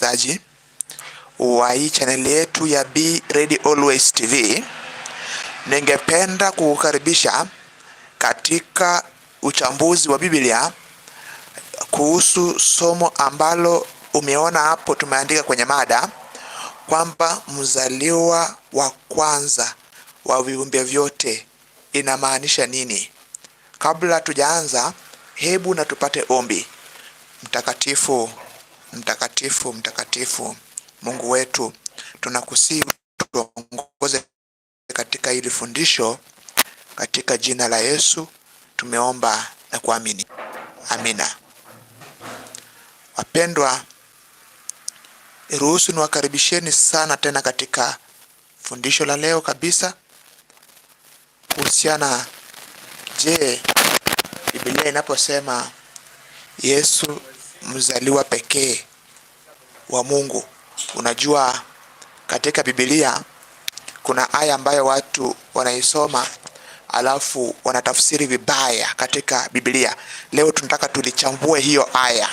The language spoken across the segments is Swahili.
zaji wa hii chaneli yetu ya Be Ready Always TV, ningependa kukukaribisha katika uchambuzi wa Biblia kuhusu somo ambalo umeona hapo. Tumeandika kwenye mada kwamba mzaliwa wa kwanza wa viumbe vyote inamaanisha nini? Kabla tujaanza, hebu na tupate ombi. Mtakatifu Mtakatifu, mtakatifu Mungu wetu, tunakusihi tuongoze katika hili fundisho, katika jina la Yesu tumeomba na kuamini, amina. Wapendwa, ruhusu niwakaribisheni sana tena katika fundisho la leo kabisa kuhusiana, je, Biblia inaposema Yesu mzaliwa pekee wa Mungu. Unajua, katika Biblia kuna aya ambayo watu wanaisoma alafu wanatafsiri vibaya katika Biblia. Leo tunataka tulichambue hiyo aya,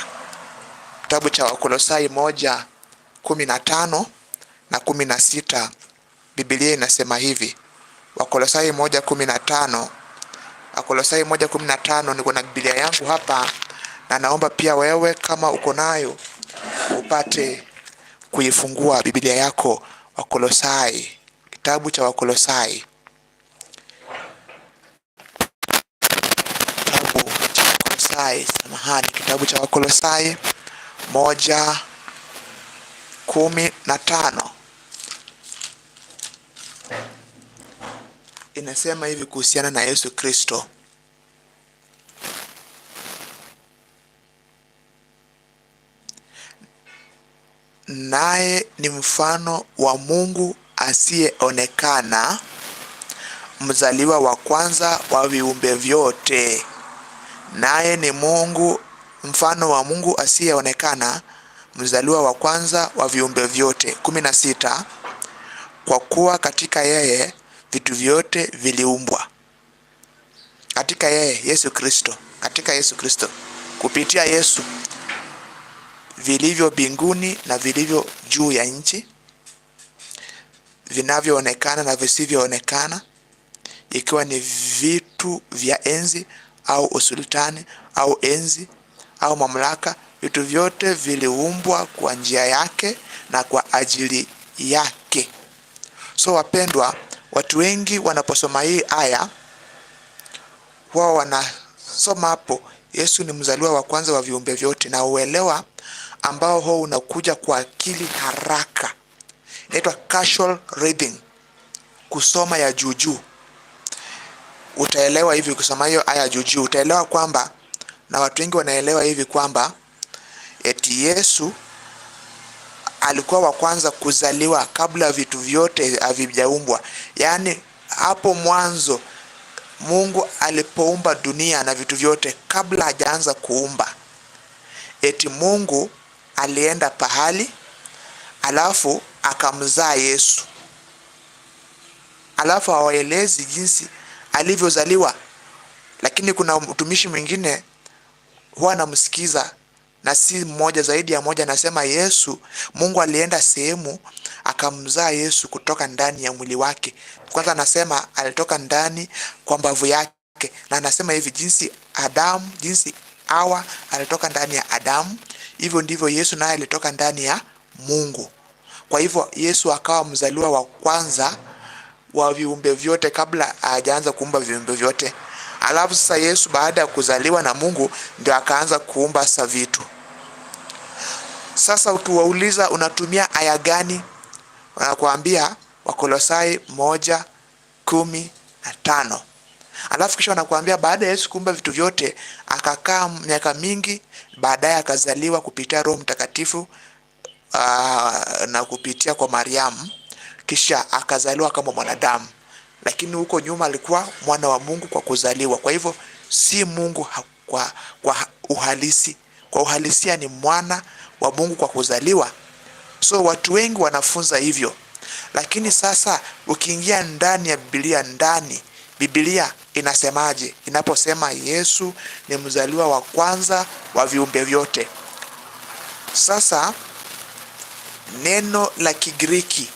kitabu cha Wakolosai moja kumi na tano na kumi na sita. Biblia inasema hivi, Wakolosai moja kumi na tano Wakolosai moja kumi na tano. Niko na Biblia yangu hapa na naomba pia wewe kama uko nayo upate kuifungua Biblia yako Wakolosai, kitabu cha Wakolosai, kitabu cha Wakolosai, samahani, kitabu cha Wakolosai moja kumi na tano inasema hivi kuhusiana na Yesu Kristo. naye ni mfano wa Mungu asiyeonekana, mzaliwa wa kwanza wa viumbe vyote, naye ni Mungu mfano wa Mungu asiyeonekana, mzaliwa wa kwanza wa viumbe vyote. kumi na sita. Kwa kuwa katika yeye vitu vyote viliumbwa, katika yeye Yesu Kristo, katika Yesu Kristo, kupitia Yesu vilivyo binguni na vilivyo juu ya nchi, vinavyoonekana na visivyoonekana, ikiwa ni vitu vya enzi au usultani au enzi au mamlaka. Vitu vyote viliumbwa kwa njia yake na kwa ajili yake. So wapendwa, watu wengi wanaposoma hii aya wao wanasoma hapo Yesu ni mzaliwa wa kwanza wa viumbe vyote na uelewa ambao huwa unakuja kwa akili haraka, inaitwa casual reading, kusoma ya juujuu. Utaelewa hivi kusoma hiyo aya juujuu, utaelewa kwamba, na watu wengi wanaelewa hivi kwamba eti Yesu alikuwa wa kwanza kuzaliwa kabla vitu vyote havijaumbwa. Yaani hapo mwanzo Mungu alipoumba dunia na vitu vyote, kabla hajaanza kuumba, eti Mungu alienda pahali alafu akamzaa Yesu, alafu hawaelezi jinsi alivyozaliwa, lakini kuna mtumishi mwingine huwa anamsikiza na si mmoja zaidi ya moja, anasema Yesu, Mungu alienda sehemu akamzaa Yesu kutoka ndani ya mwili wake. Kwanza anasema alitoka ndani kwa mbavu yake, na anasema hivi jinsi Adamu, jinsi Hawa alitoka ndani ya Adamu Hivyo ndivyo Yesu naye alitoka ndani ya Mungu. Kwa hivyo Yesu akawa mzaliwa wa kwanza wa viumbe vyote kabla hajaanza kuumba viumbe vyote. Alafu sasa Yesu baada ya kuzaliwa na Mungu ndio akaanza kuumba sasa vitu. Sasa utuwauliza unatumia aya gani? Wanakuambia Wakolosai moja kumi na tano alafu kisha wanakuambia baada ya Yesu kuumba vitu vyote akakaa miaka mingi, baadaye akazaliwa kupitia Roho Mtakatifu aa, ah, na kupitia kwa Mariamu, kisha akazaliwa kama mwanadamu, lakini huko nyuma alikuwa mwana wa Mungu kwa kuzaliwa. Kwa hivyo si Mungu kwa, kwa uhalisi, kwa uhalisia ni mwana wa Mungu kwa kuzaliwa. So watu wengi wanafunza hivyo, lakini sasa ukiingia ndani ya Biblia ndani Biblia inasemaje inaposema Yesu ni mzaliwa wa kwanza wa viumbe vyote? Sasa neno la Kigiriki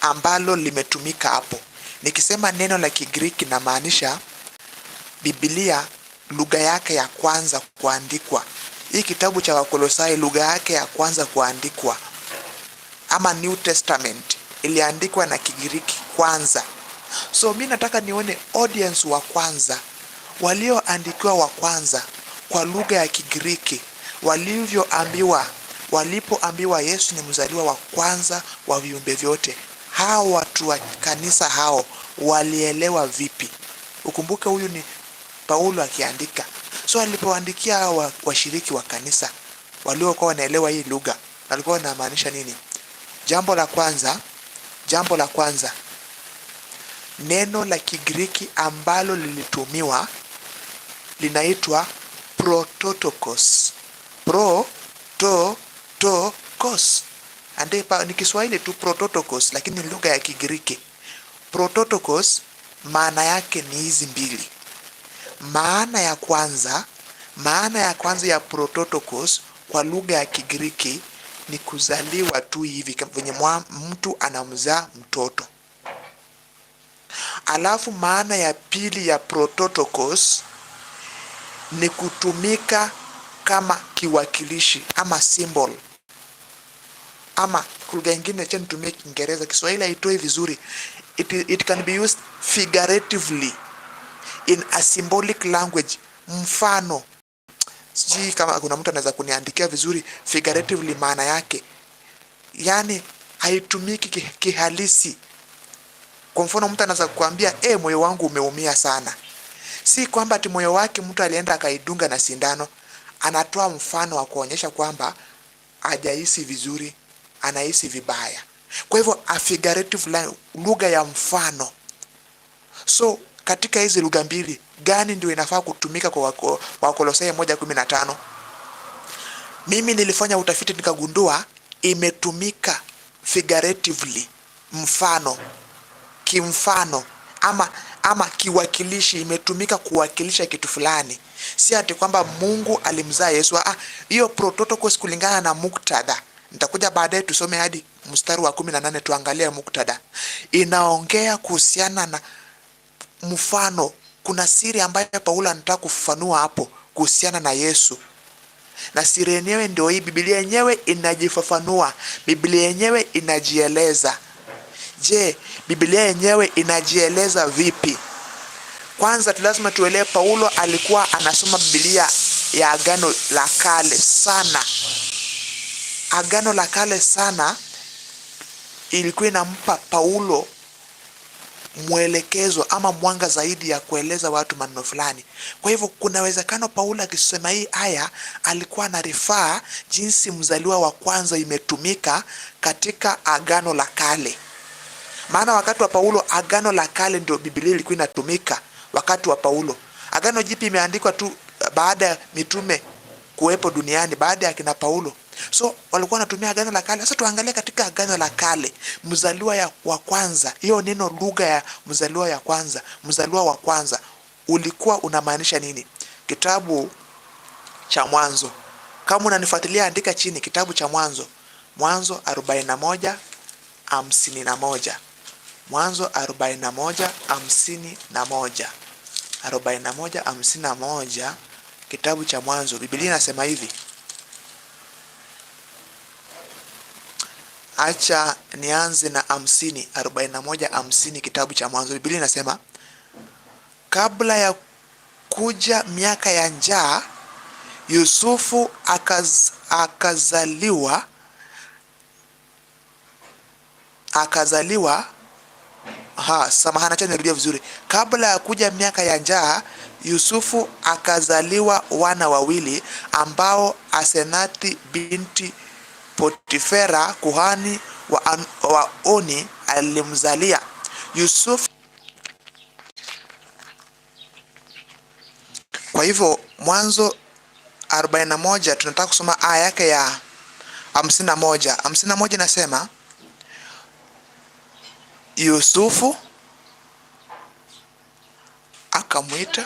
ambalo limetumika hapo, nikisema neno la Kigiriki namaanisha Biblia lugha yake ya kwanza kuandikwa. Hii kitabu cha Wakolosai lugha yake ya kwanza kuandikwa ama New Testament iliandikwa na Kigiriki kwanza. So mi nataka nione audience wa kwanza walioandikiwa wa kwanza kwa lugha ya Kigiriki walivyoambiwa walipoambiwa Yesu ni mzaliwa wa kwanza wa viumbe vyote, hawa watu wa kanisa hao walielewa vipi? Ukumbuke huyu ni Paulo akiandika. So alipoandikia hawa washiriki wa kanisa waliokuwa wanaelewa hii lugha, walikuwa wanamaanisha nini? Jambo la kwanza, jambo la kwanza Neno la Kigiriki ambalo lilitumiwa linaitwa prototokos, kos, andepa ni Kiswahili tu prototokos, lakini ni lugha ya Kigiriki. Prototokos maana yake ni hizi mbili. Maana ya kwanza, maana ya kwanza ya prototokos kwa lugha ya Kigiriki ni kuzaliwa tu hivi, venye mtu anamzaa mtoto. Alafu maana ya pili ya prototokos ni kutumika kama kiwakilishi ama symbol ama lugha ingine, acha nitumie Kiingereza, Kiswahili haitoi vizuri. It, it can be used figuratively in a symbolic language. Mfano, sijui kama kuna mtu anaweza kuniandikia vizuri figuratively maana yake, yani haitumiki kihalisi. Kwa mfano mtu anaweza kukwambia e, moyo wangu umeumia sana. Si kwamba ati moyo wake mtu alienda akaidunga na sindano. Anatoa mfano wa kuonyesha kwamba hajahisi vizuri, anahisi vibaya. Kwa hivyo a figurative, lugha ya mfano. So katika hizi lugha mbili gani ndio inafaa kutumika kwa Wakolosai moja kumi na tano? Mimi nilifanya utafiti nikagundua imetumika figuratively, mfano kimfano ama, ama kiwakilishi, imetumika kuwakilisha kitu fulani, si ati kwamba Mungu alimzaa Yesu. Ah, hiyo prototokos kulingana na muktadha. Nitakuja baadaye tusome hadi mstari wa kumi na nane tuangalie muktadha. Inaongea kuhusiana na mfano. Kuna siri ambayo Paulo anataka kufafanua hapo kuhusiana na Yesu, na siri yenyewe ndio hii. Biblia yenyewe inajifafanua, Biblia yenyewe inajieleza. Je, Biblia yenyewe inajieleza vipi? Kwanza lazima tuelewe, Paulo alikuwa anasoma Biblia ya Agano la Kale sana. Agano la Kale sana ilikuwa inampa Paulo mwelekezo ama mwanga zaidi ya kueleza watu maneno fulani. Kwa hivyo kuna uwezekano Paulo akisema hii aya alikuwa anarifaa jinsi mzaliwa wa kwanza imetumika katika Agano la Kale. Maana wakati wa Paulo agano la kale ndio Biblia ilikuwa inatumika wakati wa Paulo. Agano jipi imeandikwa tu eh, baada ya mitume kuwepo duniani, baada ya kina Paulo. So walikuwa wanatumia agano la kale. Sasa tuangalie katika agano la kale, mzaliwa ya wa kwanza, hiyo neno lugha ya mzaliwa ya kwanza, mzaliwa wa kwanza ulikuwa unamaanisha nini? Kitabu cha Mwanzo. Kama unanifuatilia andika chini kitabu cha Mwanzo, Mwanzo 41 51 Mwanzo 41:51. 41:51 kitabu cha Mwanzo. Biblia inasema hivi. Acha nianze na hamsini. 41:50 kitabu cha Mwanzo. Biblia inasema kabla ya kuja miaka ya njaa Yusufu akaz, akazaliwa akazaliwa ha, samahani, acha nirudia vizuri. Kabla ya kuja miaka ya njaa, Yusufu akazaliwa wana wawili ambao Asenathi binti Potifera kuhani wa, wa Oni alimzalia Yusufu. Kwa hivyo Mwanzo 41 tunataka kusoma aya yake ya 51. 51 inasema Yusufu akamwita